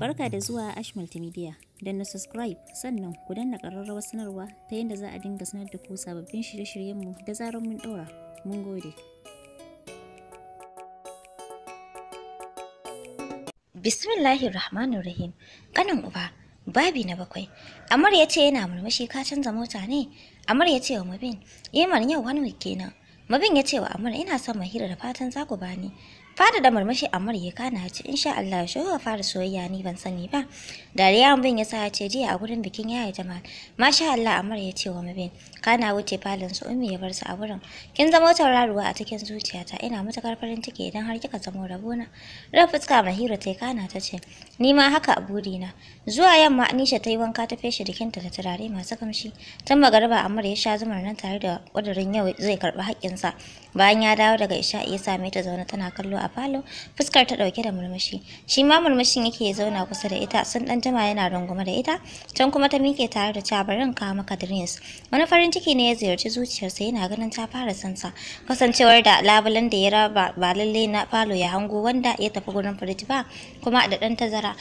Barka da zuwa Ash Multimedia. Don na subscribe sannan ku danna ƙararrawar sanarwa ta yadda za a dinga sanar da ku sababbin shirye-shiryenmu da zarar mun ɗora. Mun gode. Bismillahir Rahmanir Rahim. Kanin uba, babi na bakwai. Amar ya ce yana murmushi ka canza mota ne? Amar ya ce wa Mubin, "Yemar eh yau wani kenan." Mabin ya ce wa Amar ina son Mahira da fatan za ku bani. Fada da murmushi Amar ya kana ce insha Allah shi ya fara soyayya ni ban sani ba. Dariya Mubin bin yasa ya ce jiya a gurin bikin yaya Jamal. Masha Allah Amar ya ce wa Mubin kana wuce falin su ummi ya bar su a gurin. Kin zama tauraruwa a cikin zuciyata ina matakar farin ciki idan har kika zama rabona. Raba fuska Mahira ta kana ta ce ni ma haka a burina. Zuwa yamma Anisha ta yi wanka ta feshe ta da turare masu kamshi. Tun magaraba Amar ya sha zumar nan tare da wadarin yau zai karɓi haƙƙinsa. bayan ya dawo daga isha'i ya same ta zauna tana kallo a falo fuskar ta dauke da murmushi shi ma murmushin yake ya zauna kusa da ita sun dan jama yana rungume da ita can kuma ta mike tare da cabarin bari maka drinks wani farin ciki ne ya ziyarci zuciyarsa yana ganin ta fara sansa kasancewar da labulan da ya raba ba lallai na falo ya hango wanda ya tafi gurin fridge ba kuma da dan tazara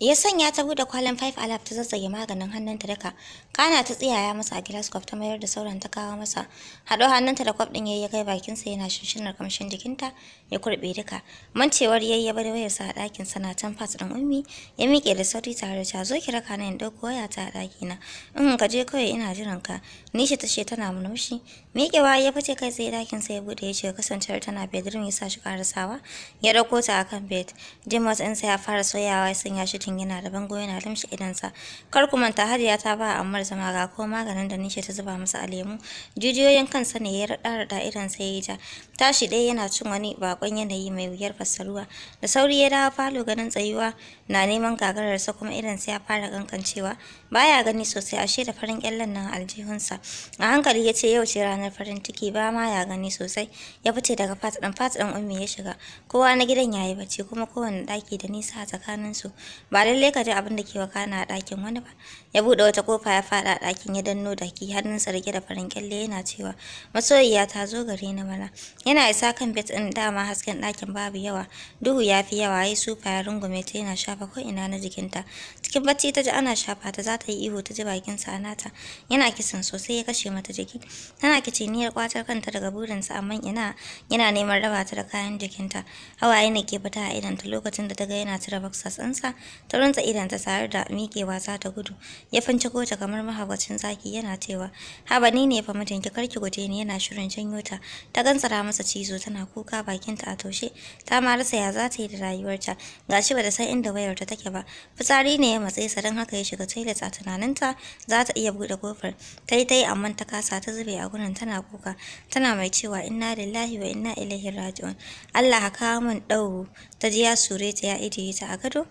Ya sanya ta bude kwalin five alaf ta zazzage maganin hannunta daka. Kana ta tsiyaya masa a gilas kwaf ta mayar da sauran ta kawo masa. Haɗo hannunta da kwaf ɗin yayi ya kai bakinsa yana shinshinar kamshin jikinta ya kurɓe duka. Mancewar yayi ya bar wayarsa a ɗakin sana can fas ɗin ummi ya miƙe da sauri tare da cazo zo ki raka na in ɗauko ta a ɗakina. In ka je kawai ina jiran ka. nishi ta tana murmushi Mikewa ya fice kai tsaye dakin sai ya bude ya ce kasancewar tana bedroom ya sa shi sawa ya dauko ta kan bed Dimas din sai ya fara soyawa ya sanya shi yana da bango yana limshi idansa kar ku manta Hadiya ta ba Ammar zama ga ko maganin da nishe ta zuba masa a lemu jijiyoyin kansa ne ya rada rada idan sai ya ja tashi ɗaya yana cin wani bakon yanayi mai wuyar fassaruwa da sauri ya dawo falo ganin tsayuwa na neman gagararsa kuma irin sai ya fara kankancewa baya gani sosai ashe da farin kyallen nan aljihunsa a hankali ya ce yau ce ranar farin ciki ba ma ya gani sosai ya fice daga fat ɗan fat ɗan ummi ya shiga kowa na gidan yayi bacci kuma kowane ɗaki da nisa a tsakaninsu ba lalle ka ji abin da ke wakana a ɗakin wani ba ya buɗe wata kofa ya faɗa a ɗakin ya danno daki hannunsa rike da farin kyalle yana cewa masoyiya ta zo gare ni mana Yana isa kan bet ɗin dama hasken dakin babu yawa. Duhu ya fi yawa ya sufa ya rungume ta yana shafa ko ina na jikinta. Cikin bacci ta ji ana shafa ta za ta yi ihu ta ji bakin a nata. Yana kisan sosai ya kashe mata jiki. Tana kiciniyar kwatar kanta daga burinsa amma ina yana neman raba ta da kayan jikinta. Hawaye ne ke fita a idanta lokacin da ta ga yana cire boxers ɗinsa. Ta runtsa idanta tare da miƙewa za ta gudu. Ya fanci ta kamar mahaukacin zaki yana cewa, Haba ni ne fa mijinki ki guje ni yana shirin janyo ta. Ta gantsara masa masa cizo tana kuka bakinta a taushe ta ma rasa ya za ta yi da rayuwarta gashi ba da san inda wayarta take ba fitsari ne ya matse sa don haka ya shiga toilet a tunaninta za ta iya buɗe kofar ta yi ta amma ta kasa ta zube a gurin tana kuka tana mai cewa inna lillahi wa inna ilaihi raji'un Allah haka min ɗauro ta ji ya sure ta ya ijiye ta a gado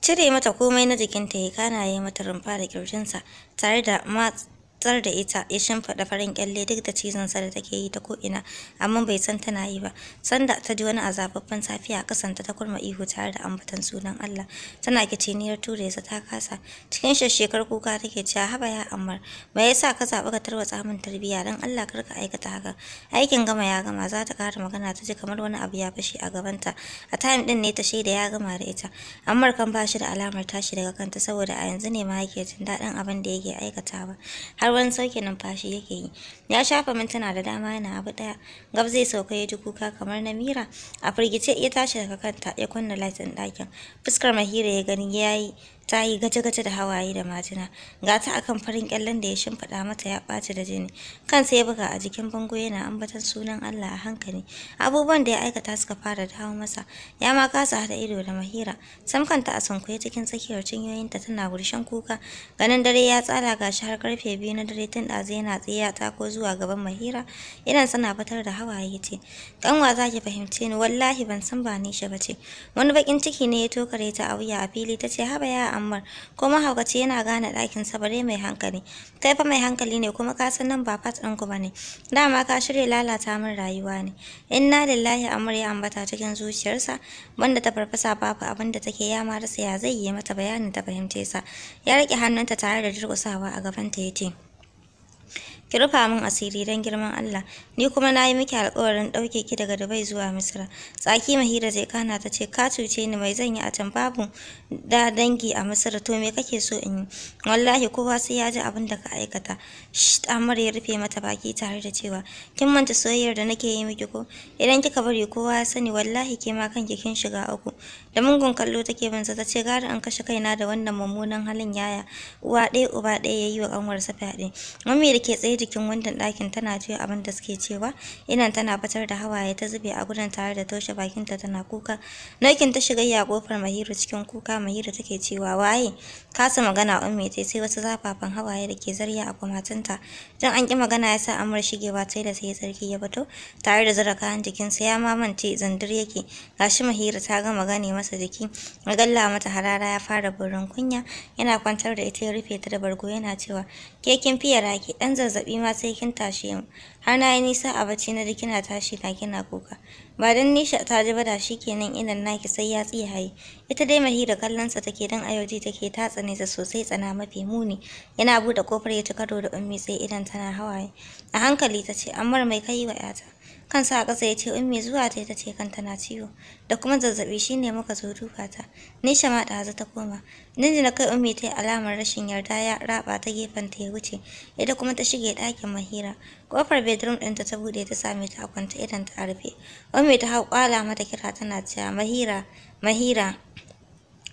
cire mata komai na jikinta ya kana ya mata rumfa da kirjinsa tare da tsar da ita ya shimfiɗa farin kyalle duk da sa da take yi ta ko'ina amma bai san tana yi ba sanda ta ji wani azababbin safiya a kasanta ta kurma ihu tare da ambatan sunan Allah tana kiciniyar ture sa ta kasa cikin shekar kuka take cewa haba ya ammar me yasa ka zaɓi ka tarwatsa min tarbiyya dan Allah kar ka aikata haka aikin gama ya gama za ta magana ta ji kamar wani abu ya fashe a gabanta a time din ne ta shaida ya gama da ita ammar kan ba shi da alamar tashi daga kanta saboda a yanzu ne ma yake jin daɗin abin da yake aikatawa har rawan wani sauke numfashi yake yi ya shafa mintuna da dama yana abu daya gab zai sauka ya ji kuka kamar na mira a firgice ya tashi daga kanta ya kunna latin ɗakin fuskar mahira ya gani ya yi ta yi gaje-gaje da hawaye da majina ga ta akan farin kyallen da ya shimfiɗa mata ya ɓaci da jini kansa ya buga a jikin bango yana ambatar sunan Allah a hankali abubuwan da ya aikata suka fara dawo masa ya ma kasa haɗa ido da mahira sam kanta a sunkuye cikin tsakiyar ta tana gurshen kuka ganin dare ya tsala gashi har karfe biyu na dare tun ɗazu yana tsaye ya tako zuwa gaban mahira idan sana fitar da hawaye ce ƙanwa za ki fahimce ni wallahi ban san ba ni shi ba ce wani bakin ciki ne ya tokare ta a wuya a fili ta ce haba ya Ammar ko haukaci yana gane ɗakin sa bare mai hankali kai fa mai hankali ne kuma ka san nan ba fat ɗin ku bane dama ka shirya lalata min rayuwa ne inna lillahi Ammar ya ambata cikin zuciyarsa banda ta farfasa babu abin da take ya ma rasa ya zai yi mata bayanin ta fahimce sa ya rike hannunta tare da durƙusawa a gaban ta yace ki rufa min asiri don girman Allah ni kuma na yi miki alƙawarin ɗauke ki daga Dubai zuwa misira tsaki Mahira zai kana ta ce ka cuce ni mai zan yi a can babu da dangi a Misra to me kake so in yi wallahi kowa sai ya ji abin da ka aikata shi Amar ya rufe mata baki tare da cewa kin manta soyayyar da nake yi miki ko idan kika bari kowa ya sani wallahi ke ma kanki kin shiga uku da mungun kallo take banza ta ce gara an kashe kaina da wannan mummunan halin yaya uwa ɗaya uba ɗaya ya yi wa ƙanwarsa fyaɗe mami da ke tsaye jikin wandon ɗakin tana juya abin da suke cewa inan tana fitar da hawaye ta zube a gudun tare da toshe bakinta tana kuka nokin ta shiga ya kofar mahiru cikin kuka mahiru take cewa waye kasa magana ummi tai sai wasu zafafan hawaye da ke zarya a kumatunta don an ki magana ya sa amur shigewa tai da sai sarki ya bato, tare da zara kayan jikinsa ya mamance zandir yake gashi mahira ta gama gane masa jiki magalla mata harara ya fara burin kunya yana kwantar da ita ya rufe ta da bargo yana cewa ke kin fiye "Ɗan dan zazzabi ma sai kin tashi har na yi nisa a bacci na ji kina tashi na kina kuka ba dan nisha ta ji ba da kenan idan naki sai ya tsi haye ita dai mahira kallon sa take dan ayoji take ta tsane sa sosai tsana mafi muni yana bude kofar ya ci karo da ummi sai idan tana hawaye a hankali tace amma mai kai wa yata kansa a ƙasa ya ce ummi zuwa ta ta ce kan tana ciwo da kuma zazzabi shine muka zo duba ta nisha ma ɗazu ta koma na kai ummi ta yi alamar rashin yarda ya raba ta gefen ta ya wuce ita kuma ta shige ɗakin mahira kofar bedroom ɗinta ta buɗe ta same ta a kwanta idan ta rufe ummi ta hau kwala mata kira tana cewa mahira mahira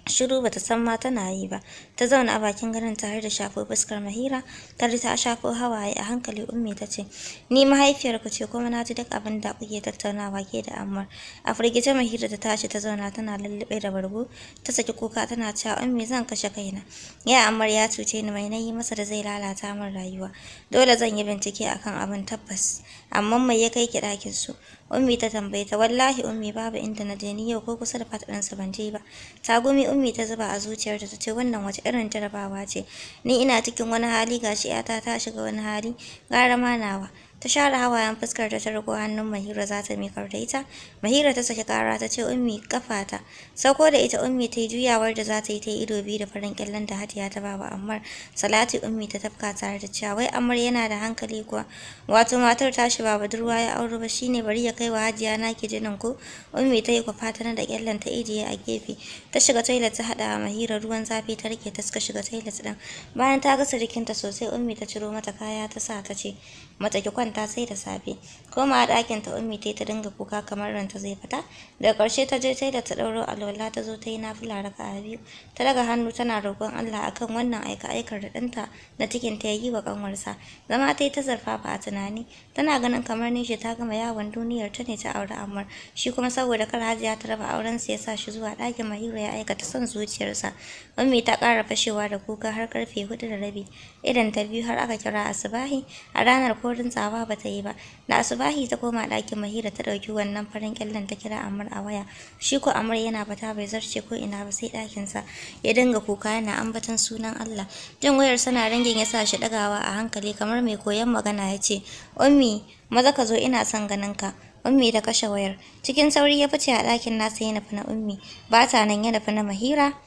shiru bata san ma tana yi ba ta zauna a bakin garin tare da shafo fuskar mahira tare ta shafo hawaye a hankali ummi ta ce ni mahaifiyarku ce kuma na ji duk abin da kuke tattaunawa ke da ammar a firgice mahira ta tashi ta zauna tana lallube da bargo ta saki kuka tana cewa ummi zan kashe kaina ya ammar ya cuce ni mai nayi masa da zai lalata min rayuwa dole zan yi bincike akan abin tabbas amma mai ya kai ki ɗakin su Ummi ta tambaye wallahi ummi babu inda na je yau ko kusa da fatadansa ban je ba. Tagumi ummi ta zuba a zuciyarta ta ce wannan wace irin jarabawa ce. Ni ina cikin wani hali gashi 'yata ta shiga wani hali gara ma nawa. ta share hawayen fuskar ta rigo hannun mahira za ta mikar da ita mahira ta saki kara ta ce ummi kafata sauko da ita ummi ta yi juyawar da za ta yi ta yi ido biyu da farin kyallen da hatiya ta baba ammar salati ummi ta tafka tare da cewa wai ammar yana da hankali kuwa wato matar ta shi ba budurwa ya auro ba shine bari ya kai wa hajiya na ke jinin ku ummi ta yi kwafa ta da kyallan ta ijiye a gefe ta shiga toilet ta hada mahira ruwan zafi ta rike ta suka shiga toilet din bayan ta gasa jikinta sosai ummi ta ciro mata kaya ta sa ta ce mace ki kwanta sai da safe koma ɗakin ta ummi ta ta dinga kuka kamar ranta zai fita daga ƙarshe ta je yi da ta ɗauro alwala ta zo ta yi nafila raka a biyu ta daga hannu tana roƙon Allah akan wannan aika aikar da ɗanta na cikin ta yi wa ƙanwarsa zama ta yi ta zarfafa a tunani tana ganin kamar nishi ta gama yawon duniyar ta ne ta aure Ammar shi kuma saboda kar Hajiya ta raba auren sa ya sa shi zuwa ɗakin Mahira ya aikata son zuciyarsa ummi ta ƙara fashewa da kuka har karfe hudu da rabi idan ta biyu har aka kira asubahi a ranar ko rintsawa ba ta yi ba da asibahi. tahi ta koma ɗakin Mahira ta ɗauki wannan farin ƙyallen ta kira Amr a waya. Shi ko Amr yana fata bai zarce ko ina ba sai ɗakinsa. Ya dinga kuka yana ambaton sunan Allah. Jin wayar sana rangin ya sa shi ɗagawa a hankali kamar mai koyan magana ya ce, Ummi, maza ka zo ina son ganin ka. Ummi ta kashe wayar. Cikin sauri ya fice a ɗakin nasa ya nufi na Ummi. Ba ta nan ya nufi na Mahira.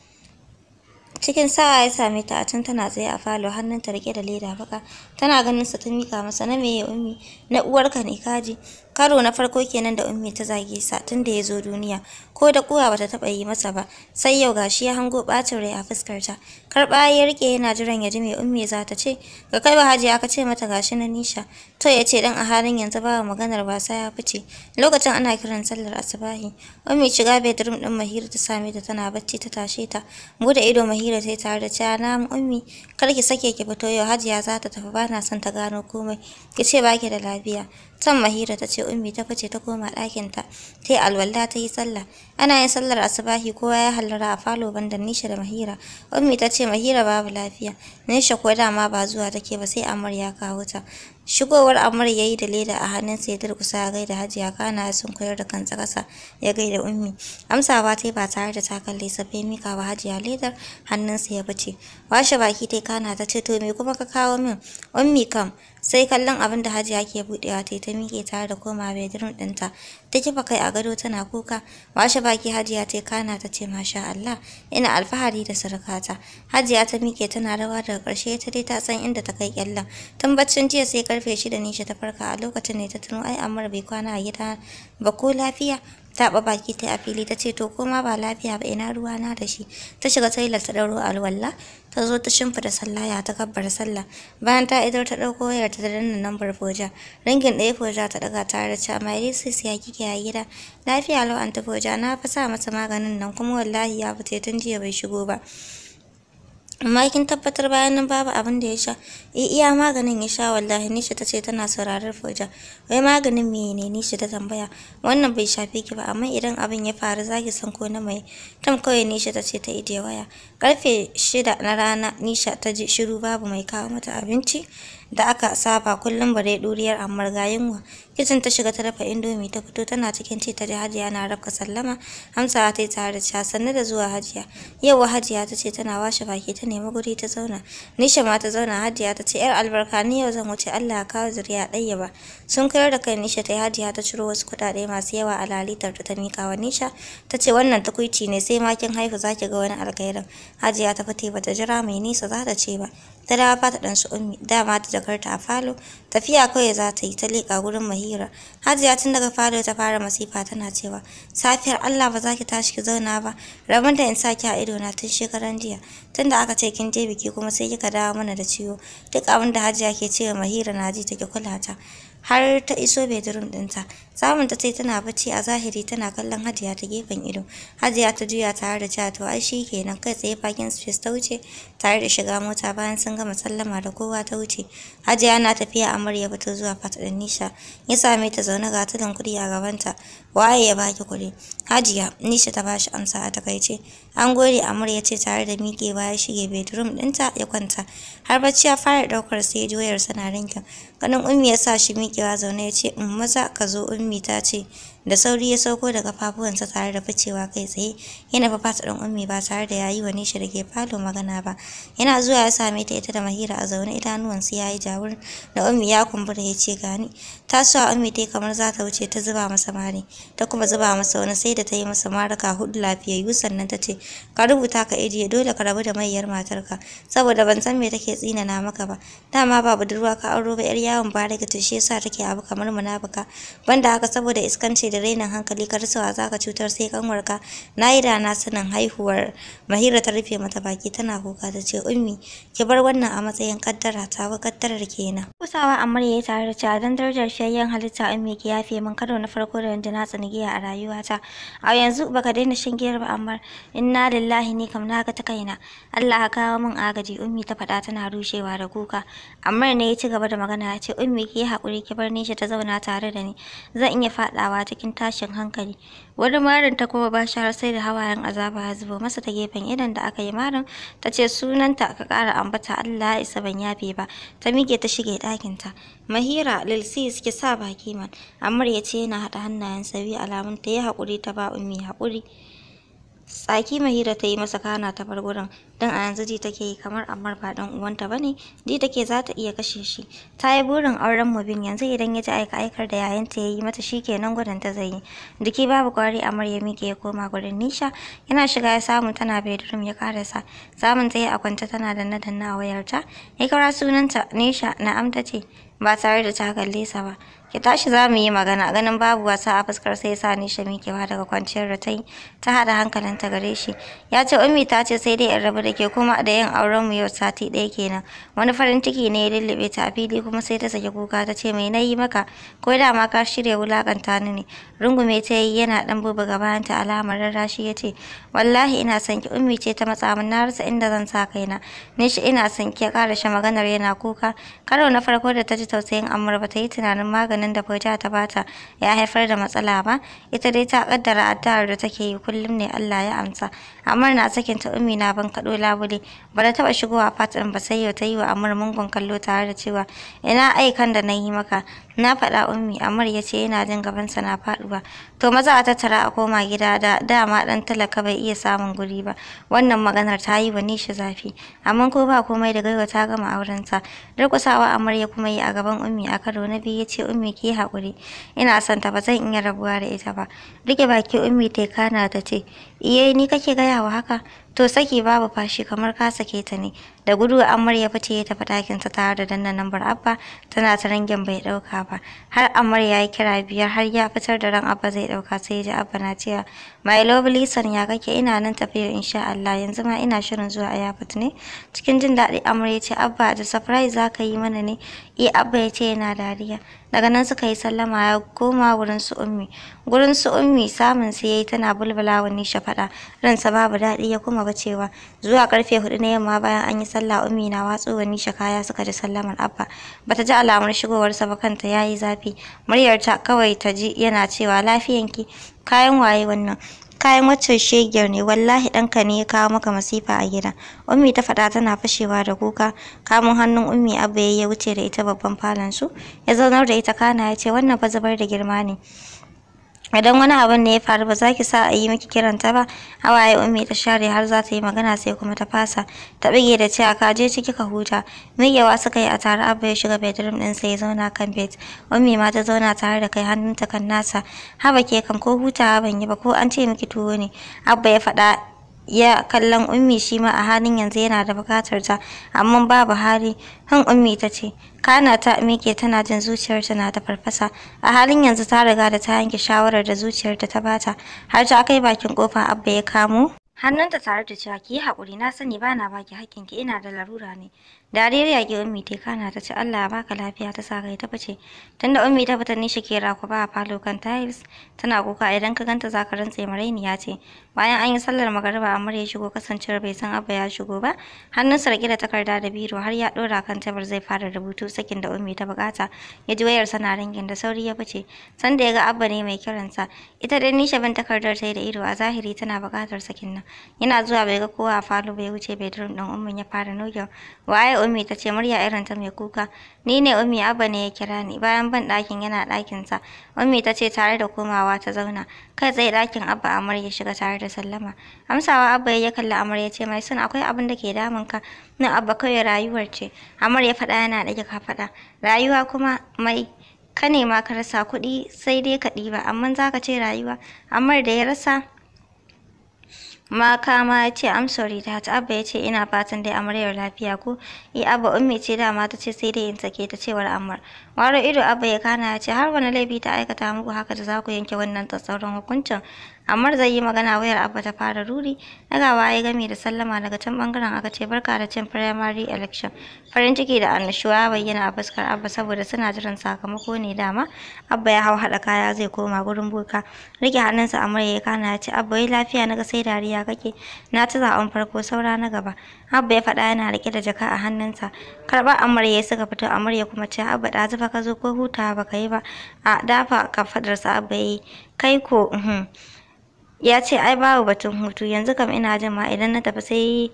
cikin sa'a ya same ta a can tana tsaye a falo hannun ta rike da leda baka tana ganin sa ta mika masa na meye ummi na uwarka ne kaji karo na farko kenan da ummi ta zage sa tun da ya zo duniya ko da kuwa bata taba yi masa ba sai yau gashi ya hango bacin rai a fuskar ta karɓa ya rike yana jiran ya ji mai ummi za ta ce ga kai ba hajiya aka ce mata gashi na nisha to ya ce dan a halin yanzu ba maganar wasa ya fice lokacin ana kiran sallar asubahi ummi shiga bedroom din mahira ta same ta tana bacci ta tashe ta bude ido mahira ta tare da cewa na ummi kar ki sake ki fito yau hajiya za ta tafi bana son ta gano komai ki ce baki da lafiya can mahira ta ce ummi ta fice ta koma ɗakinta ta yi alwala ta yi sallah ana yin sallar asubahi kowa ya hallara a falo ban da nisha da mahira ummi ta ce mahira babu lafiya nisha ko dama ba zuwa take ba sai amarya ya kawo ta Shigowar Amar ya yi da leda a hannunsa ya durkusa ya gaida Hajiya kana sun koyar da kan tsakasa ya gaida Ummi. Amsawa ta yi ba tare da ta kalle sa bai mika ba Hajiya ledar hannunsa ya bace. Washe baki ta kana ta ce to me kuma ka kawo min? Ummi kam sai kallon abin da Hajiya ke buɗewa ta yi ta mike tare da koma bedroom ɗinta. Ta kifa kai a gado tana kuka. Washe baki Hajiya ta kana ta ce masha Allah ina alfahari da surukata. Hajiya ta miƙe tana rawa daga ƙarshe ta dai ta san inda ta kai kyallan. Tun baccin jiya sai karfe shida shi ta farka a lokacin ne ta tuno ai amara bai kwana a gida ba ko lafiya taɓa baki ta a fili ta ce to koma ba lafiya ba ina ruwa na da shi ta shiga tailar ta ɗauro alwala ta zo ta shimfida sallaya ta kabbar sallah bayan ta idar ta ɗauko wayar ta danna lambar foja rangin ɗaya foja ta ɗaga tare da cewa mai risis ya kike a gida lafiya lau an ta foja na fa sa masa maganin nan kuma wallahi ya fita tun jiya bai shigo ba amma kin tabbatar bayan nan babu abin da ya sha eh, iya maganin ya sha wallahi nisha tace tana saurarar foja wai maganin mene nisha ta tambaya wannan bai shafi ki ba amma idan abin ya faru zaki san ko na mai tam kawai nisha tace ta ije waya karfe shida na rana nisha ta ji shiru babu mai kawo mata abinci da aka saba kullum bare duriyar ammar ga yunwa kicin ta shiga ta dafa indomi ta fito tana cikin ci ta ji hajiya na rafka sallama amsa ta yi tare da da zuwa hajiya yawa hajiya ta ce tana washe baki ta nemi guri ta zauna nisha ma ta zauna hajiya ta ce yar albarka ni yau zan wuce allah ka kawo zuriya ɗaya ba sun koyar da kai nisha ta yi hajiya ta ciro wasu kuɗaɗe masu yawa a lalitar ta mika wa nisha ta ce wannan takuici ne sai ma kin haihu zaki ga wani algairin hajiya ta fite bata jira mai nisa za ta ce ba ta dawa fata ɗan su ummi dama ta jakarta a falo tafiya kawai za ta yi ta leƙa gurin mahira hajiya tun daga falo ta fara masifa tana cewa safiyar allah ba za ki tashi ki zauna ba rabin da in sa ki a ido na tun shekaran jiya tunda aka ce kin je biki kuma sai kika dawo mana da ciwo duk abin da hajiya ke cewa mahira na ji take kula ta har ta iso bedroom ɗinta. Samun ta sai tana bacci a zahiri tana kallon Hajiya ta gefen ido. Hajiya ta juya tare da cewa to ai kenan kai tsaye fakin space ta wuce tare da shiga mota bayan sun gama sallama da kowa ta wuce. Hajiya na tafiya amarya fito zuwa fata da Nisha. Ya same ta zaune ga tudun kuɗi a gabanta. Waye ya baki kuɗi? Hajiya Nisha ta bashi amsa a takaice. An gode Amur ya ce tare da miƙewa ya shige bedroom dinta ya kwanta. Har bacci ya fara ɗaukar sai joyar sana rinkin. Ganin Ummi ya sa shi miƙewa zaune ya ce in maza ka zo Ummi ta ce da sauri ya sauko da kafafuwansa tare da ficewa kai tsaye yana fafa ta ummi ba tare da yayi wani shi falo magana ba yana zuwa ya same ta ita da mahira a zaune idanuwansu yayi jawur da ummi ya kumbura ya ce gani ta sa ummi tai kamar za ta wuce ta zuba masa mari ta kuma zuba masa wani sai da ta yi masa maraka hudu lafiyayyu sannan ta ce ka rubuta ka ajiye dole ka rabu da mayyar matarka saboda ban san me take tsinana maka ba dama ba budurwa ka auro ba yar yawon ba daga tushe shi yasa take abu kamar munafuka banda haka saboda iskanci da rainin hankali kar sawa za ka cutar sai kanwarka na yi da na sanin haihuwar mahira ta rufe mata baki tana kuka ta ce ummi ki bar wannan a matsayin kaddara ta wa kaddarar kenan kusawa amarya ya yi tare da cewa dan darajar fiyayyen halitta ummi ki yafe min karo na farko da na giya a rayuwata a yanzu baka daina shan giyar ba amar inna lillahi ni kam na ga ta kaina Allah ka kawo min agaji ummi ta faɗa tana rushewa da kuka amma ne ya ci gaba da magana ya ce ummi ki haƙuri ki bar ni ta zauna tare da ni zan iya faɗawa ta cikin tashin hankali wani marin ta kuma ba har sai da hawayen azaba ya zubo masa ta gefen idan da aka yi marin ta ce sunanta ka ƙara ambata Allah ya isa ban yafe ba ta mige ta shige ɗakinta mahira lilsis suke sa baki man amur ya ce yana haɗa hannayen bi alamun ta yi hakuri ta ba ummi hakuri. Tsaki Mahira ta yi masa kana ta bar gurin, don a yanzu ji take yi kamar Ammar ba ɗan uwanta ba ne, ji take za ta iya kashe shi. Ta yi burin auren Mubin yanzu idan ya ji aika-aikar da yayanta ya yi mata shi kenan gudun ta zai yi. Jiki babu kwari a ya miƙe ya koma gurin Nisha, yana shiga ya samu tana bedroom ya karasa. Samun ta yi a kwanta tana danna danna a wayarta, ya kira sunanta Nisha na amta ce, ba tare da ta kalle sa ba ki tashi za mu yi magana ganin babu wasa a fuskar sai sa ni shi ba daga kwanciyar da ta hankalin ta gare shi ya ce ummi ta ce sai dai in rabu da ke kuma da yin auren mu yau sati ɗaya kenan wani farin ciki ne ya lullube ta a fili kuma sai ta saki kuka ta ce mai nayi maka ko da ma ka shirya wulakanta ni ne rungume ta yi yana dan bubuga bayan ta alamar rarrashi ya ce wallahi ina son ki ummi ce ta matsa min na rasa inda zan sa kaina ni shi ina son ki ya karashe maganar yana kuka karo na farko da ta ji tausayin Amur ba ta yi tunanin maganin da Fauja ta bata ya haifar da matsala ba, ita dai ta kaddara addu'ar da take yi kullum ne Allah ya amsa. Amur na sakin ta ummi na ban kaɗo labule, ba da taɓa shigowa fatin ba sai yau ta yi wa Amur mungon kallo tare da cewa ina aikan da na yi maka. Na faɗa ummi, Amur ya ce yana jin gabansa na faɗuwa. To maza a tattara a koma gida da dama ɗan talaka bai iya samun guri ba. Wannan maganar ta yi wa nishi zafi, amma ko ba komai da gaiwa ta gama aurenta. Durƙusawa Amur ya kuma yi a gaban Ummi a karo na biyu ya ce Ummi ki hakuri ina son ta ba zan iya rabuwa da ita ba. Rike baki Ummi ta kana ta ce, iye ni kake gaya wa haka to saki babu fashi kamar ka sake ta ne da gudu amarya ya fice ya tafi ɗakin ta tare da danna number abba tana ta rangen bai ɗauka ba har amar ya kira biyar har ya fitar da ran abba zai ɗauka sai ya ji abba na cewa my love listen ya kake ina nan tafiya insha Allah yanzu ma ina shirin zuwa airport ne cikin jin daɗi amar ya ce abba da surprise zaka yi mana ne eh abba ya ce yana dariya daga nan suka yi sallama ya koma wurin su ummi gurin su ummi samun sai yayi tana bulbula wani shafaɗa ransa babu daɗi ya kuma cewa. zuwa karfe hudu na yamma bayan an yi sallah ummi na watsu wani kaya suka ji sallamar abba bata ji alamar shigowarsa ba kanta yayi zafi muryarta kawai ta ji yana cewa lafiyanki kayan waye wannan kayan waccan shegiyar ne wallahi ɗanka ne ya kawo maka masifa a gida ummi ta faɗa tana fashewa da kuka kamun hannun ummi abba ya wuce da ita babban falon su ya zaunar da ita kana ya ce wannan fa zubar da girma ne idan wani abin ne ya faru ba za ki sa a yi miki kiranta ba hawaye ummi ta share har za ta yi magana sai kuma ta fasa ta bige da cewa ka je ciki ka huta miyawa suka yi a tare abu ya shiga bedroom din sai ya zauna kan bed ummi ma ta zauna tare da kai hannunta kan nasa haba ke kan ko hutawa ban yi ba ko an ce miki tuwo ne abba ya faɗa Ya kallon ummi shi ma a halin yanzu yana da bukatar ta amma babu hali han ummi ta ce kana ta mike tana jin zuciyarta na ta farfasa a halin yanzu ta riga da ta yanke shawarar da zuciyarta ta bata har ta kai bakin kofa abba ya kamo hannunta tare da cewa ki yi haƙuri na sani bana na baki hakkinki ina da larura ne dariyar yaƙi ummi ta kana ta ce allah ba ka lafiya ta sa kai ta fice tunda ummi ta fita shi ke raku ba a falo kan tiles tana kuka idan ka ganta za ka rantse ya ce bayan an yi sallar magariba amur ya shigo kasancewar bai san abba ya shigo ba sa rike da takarda da biro har ya ɗora kan tabar zai fara rubutu sakin da ummi ta bukata ya ji wayar sana ringin da sauri ya fice sanda ya ga abba ne mai kiransa ita dai nisha bin takardar ta yi da ido a zahiri tana bukatar sakin nan yana zuwa bai ga kowa a falo bai wuce bedroom din ummin ya fara nogin waye Ummi ta ce murya irin ta mai kuka. Ni ne Ummi Abba ne ya kira ni. Bayan ban ɗakin yana ɗakinsa. Ummi ta ce tare da komawa ta zauna. Kai tsaye ɗakin Abba Amar ya shiga tare da sallama. Amsawa Abba ya kalli Amar ya ce mai sun akwai abin da ke damun ka. Na Abba kawai rayuwar ce. Amar ya faɗa yana ɗage kafaɗa. Rayuwa kuma mai ka nema ka rasa kuɗi sai dai ka ɗiba amma za ka ce rayuwa. Amar da ya rasa makama ya ce I'm sorry ta abba ya ce ina fatan dai amaryar lafiya ko i eh, abba ummi ce dama ta ce sai dai in sake ta cewar amar waro ido abba ya kana ya ce har wani laifi ta aikata muku haka da za ku yanke wannan tsatsauran hukuncin Ammar zai yi magana wayar Abba ta fara ruri, dagawa ya game da sallama daga can bangaren aka ce barka da cin primary election. Farin ciki da annashuwa bayyana a fuskar Abba saboda suna jiran sakamako ne dama. Abba ya hau haɗa kaya zai koma gurin boka. Rike hannunsa Ammar ya kana ya ce Abba yi lafiya na sai dariya kake. Na ta zaɓen farko saura na gaba. Abba ya faɗa yana rike da jaka a hannunsa. Karɓar Ammar ya suka fito Ammar ya kuma ce Abba ɗazu fa ka zo ko hutawa ka yi ba. A dafa ka faɗarsa Abba ya yi. Kai ko uhm. ya ce ai babu batun hutu yanzu kam ina jin ma idan na tafi sai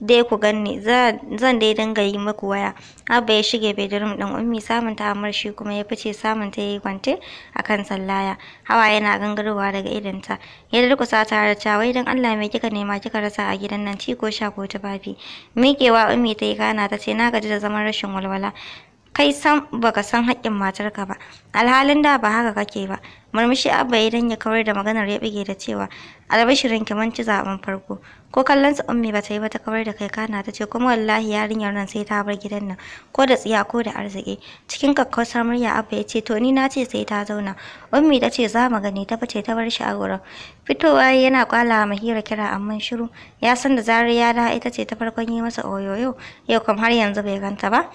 dai ku ganni zan dai dinga yi muku waya abba ya shige bedroom din ummi samun ta amar shi kuma ya fice samun ta yi kwante a kan sallaya hawa yana gangarowa daga idanta ya durkusa tare ta wai dan Allah mai kika nema kika rasa a gidan nan ci ko sha ko tufafi miƙewa ummi ta yi kana ta ce na gaji da zaman rashin walwala kai san baka san haƙƙin matarka ba alhalin da ba haka kake ba murmushi abba ya danya ya kawar da maganar ya bige da cewa albashirin ki ci zaben farko ko kallon su ummi ba ta yi ba ta kawar da kai kana ta ce kuma wallahi yarinyar nan sai ta bar gidan nan ko da tsiya ko da arziki cikin kakkausar murya abba ya ce to ni na ce sai ta zauna ummi ta ce za mu gani ta fice ta bar shi a gurin fitowa yana kwala ma hira kira amma shiru ya san da zarar ya da ita ce ta farkon yi masa oyoyo yau kam har yanzu bai ganta ba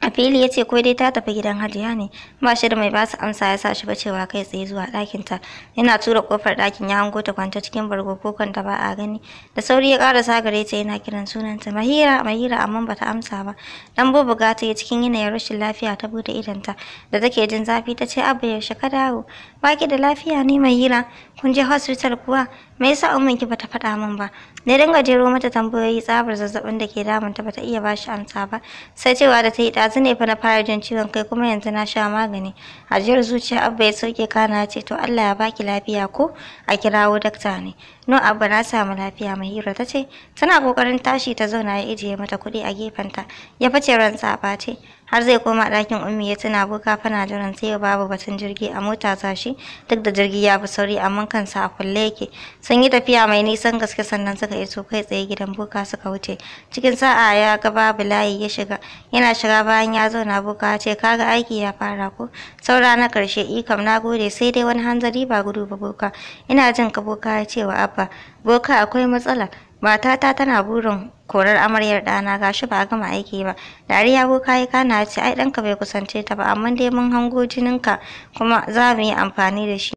A fili ya ce ko dai ta tafi gidan Hajiya ne, ba shi da mai ba su amsa ya sa shi ba cewa kai tsaye zuwa ɗakinta. Yana tura kofar ɗakin ya hango ta kwanta cikin bargo ko kwanta ba a gani. Da sauri ya ƙara sagare ta yana kiran sunanta Mahira, Mahira amma bata amsa ba. Dan bubu ta yi cikin yanayin rashin lafiya ta bude idanta da take jin zafi ta ce abu yaushe ka dawo. ba da lafiya ne mai hira kun je hospital kuwa me yasa umman ki bata faɗa min ba ne dinga jero mata tambayoyi tsabar zazzabin da ke damun ta bata iya bashi amsa ba sai cewa da ta yi ɗazu ne fa na fara jin ciwon kai kuma yanzu na sha magani ajiyar zuciya abba ya sauke kana ya ce to Allah ya baki lafiya ko a kirawo dakta ne no abba na samu lafiya mai hira ta ce tana kokarin tashi ta zauna ya ijiye mata kuɗi a gefenta ya fice ran tsaba ce har zai koma ɗakin ummi ya tuna buka fana jiran sai babu batun jirgi a mota ta shi duk da jirgi ya fi sauri amma kansa a kulle yake sun yi tafiya mai nisan gaske sannan suka iso kai tsaye gidan buka suka wuce cikin sa'a ya ga babu layi ya shiga yana shiga bayan ya zauna buka, ya ce kaga aiki ya fara ko saura na karshe ikam na gode sai dai wani hanzari ba gudu ba boka ina jin ka boka ya ce wa abba boka akwai matsala matata tana burin korar amaryar ɗana gashi ba gama aiki ba dariya ko kayi kana ce ai ɗanka bai kusance ta ba amma dai mun hango jininka kuma za mu yi amfani da shi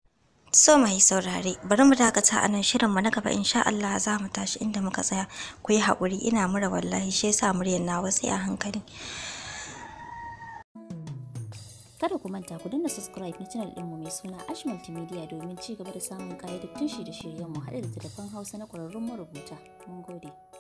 So mai saurare, bari mu dakata a nan shirinmu na gaba insha Allah za mu tashi inda muka tsaya. Ku yi haƙuri ina mura wallahi shi yasa muryar nawa sai a hankali. Kada ku manta ku danna subscribe na channel ɗinmu mai suna Ash Multimedia domin ci gaba da samun ƙayyadattun da shiryenmu haɗa da tafan Hausa na ƙwararrun marubuta. Mun gode.